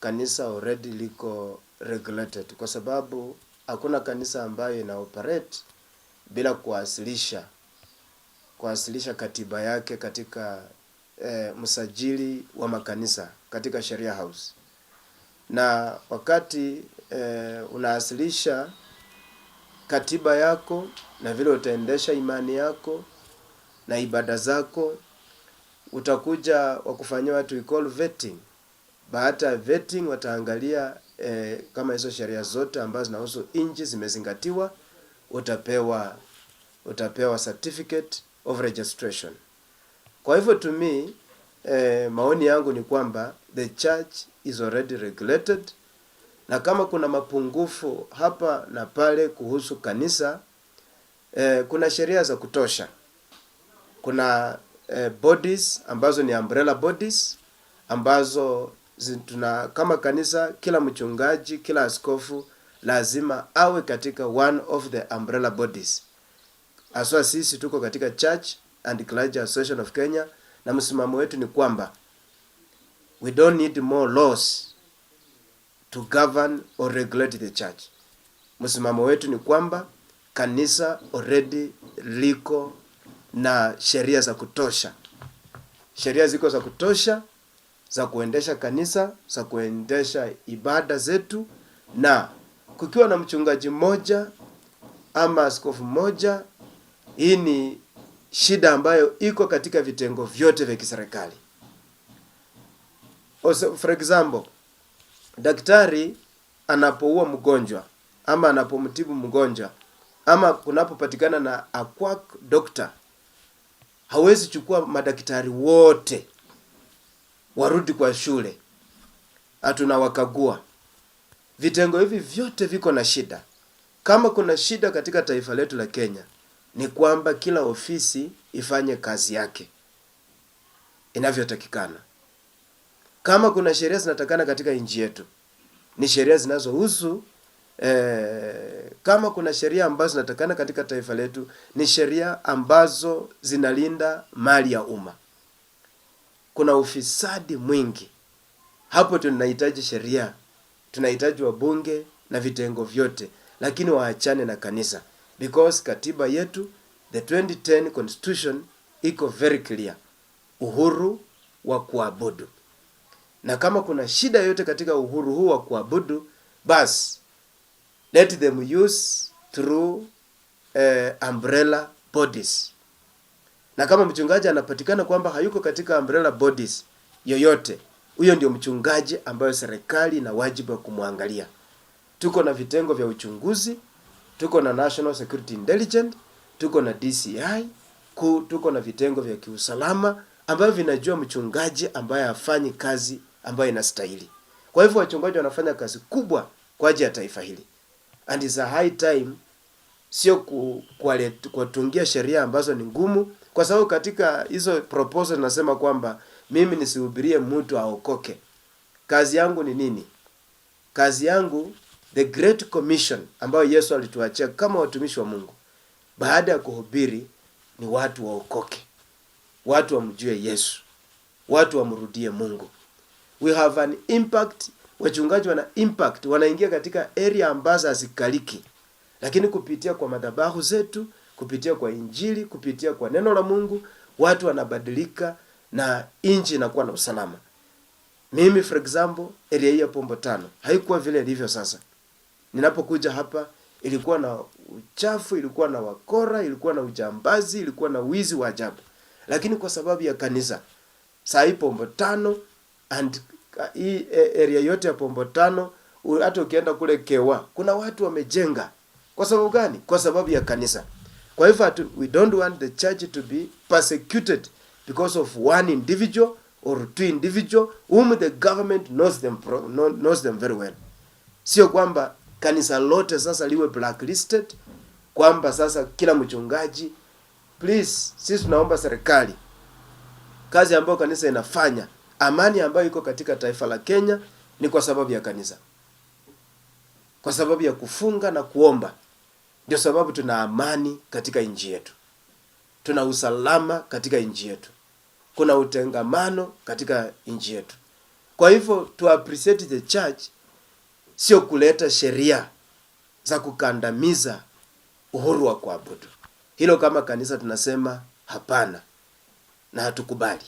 kanisa already liko regulated, kwa sababu hakuna kanisa ambayo ina operate bila kuwasilisha kuwasilisha katiba yake katika eh, msajili wa makanisa katika Sheria House, na wakati eh, unawasilisha katiba yako na vile utaendesha imani yako na ibada zako, utakuja wakufanyia watu call vetting baada ya vetting wataangalia e, kama hizo sheria zote ambazo zinahusu nchi zimezingatiwa, utapewa utapewa certificate of registration. Kwa hivyo to me e, maoni yangu ni kwamba the church is already regulated, na kama kuna mapungufu hapa na pale kuhusu kanisa e, kuna sheria za kutosha. Kuna e, bodies ambazo ni umbrella bodies ambazo tuna kama kanisa, kila mchungaji, kila askofu lazima awe katika one of the umbrella bodies. Aswa sisi tuko katika Church and Clergy Association of Kenya, na msimamo wetu ni kwamba we don't need more laws to govern or regulate the church. Msimamo wetu ni kwamba kanisa already liko na sheria za kutosha, sheria ziko za kutosha za kuendesha kanisa, za kuendesha ibada zetu, na kukiwa na mchungaji mmoja ama askofu mmoja, hii ni shida ambayo iko katika vitengo vyote vya kiserikali. For example, daktari anapoua mgonjwa ama anapomtibu mgonjwa ama kunapopatikana na a quack doctor, hawezi chukua madaktari wote warudi kwa shule, wakagua Vitengo hivi vyote viko na shida. Kama kuna shida katika taifa letu la Kenya ni kwamba kila ofisi ifanye kazi yake inavyotakikana. Kama kuna sheria zinatakana katika nchi yetu ni sheria zinazohusu eh, kama kuna sheria ambazo zinatakana katika taifa letu ni sheria ambazo zinalinda mali ya umma kuna ufisadi mwingi. Hapo tunahitaji sheria, tunahitaji wabunge na vitengo vyote, lakini waachane na kanisa because katiba yetu the 2010 constitution iko very clear, uhuru wa kuabudu, na kama kuna shida yoyote katika uhuru huu wa kuabudu, basi let them use through uh, umbrella bodies na kama mchungaji anapatikana kwamba hayuko katika umbrella bodies yoyote, huyo ndio mchungaji ambayo serikali ina wajibu wa kumwangalia. Tuko na vitengo vya uchunguzi, tuko na National Security Intelligence, tuko na DCI ku, tuko na vitengo vya kiusalama ambavyo vinajua mchungaji ambaye hafanyi kazi ambayo inastahili. Kwa hivyo wachungaji wanafanya kazi kubwa kwa ajili ya taifa hili, and is a high time, sio kuwatungia sheria ambazo ni ngumu kwa sababu katika hizo proposal nasema kwamba mimi nisihubirie mtu aokoke. Kazi yangu ni nini? Kazi yangu the great commission ambayo Yesu alituachia kama watumishi wa Mungu, baada ya kuhubiri ni watu waokoke, watu wamjue Yesu, watu wamrudie Mungu. We have an impact. Wachungaji wana impact, wanaingia katika area ambazo hazikaliki, lakini kupitia kwa madhabahu zetu kupitia kwa Injili, kupitia kwa neno la Mungu, watu wanabadilika na nchi inakuwa na usalama. Mimi for example, area hii ya Pombo tano haikuwa vile ilivyo sasa. Ninapokuja hapa ilikuwa na uchafu, ilikuwa na wakora, ilikuwa na ujambazi, ilikuwa na wizi wa ajabu, lakini kwa sababu ya kanisa saa hii Pombo tano and uh, hii eh, area yote ya Pombo tano, hata ukienda kule Kewa kuna watu wamejenga. Kwa sababu gani? Kwa sababu ya kanisa. Kwa hivyo we don't want the church to be persecuted because of one individual or two individual whom the government knows them, pro, knows them very well. Sio kwamba kanisa lote sasa liwe blacklisted, kwamba sasa kila mchungaji. Please, sisi tunaomba serikali, kazi ambayo kanisa inafanya, amani ambayo iko katika taifa la Kenya ni kwa sababu ya kanisa, kwa sababu ya kufunga na kuomba. Ndio sababu tuna amani katika nchi yetu, tuna usalama katika nchi yetu, kuna utengamano katika nchi yetu. Kwa hivyo to appreciate the church sio kuleta sheria za kukandamiza uhuru wa kuabudu. Hilo kama kanisa tunasema hapana na hatukubali.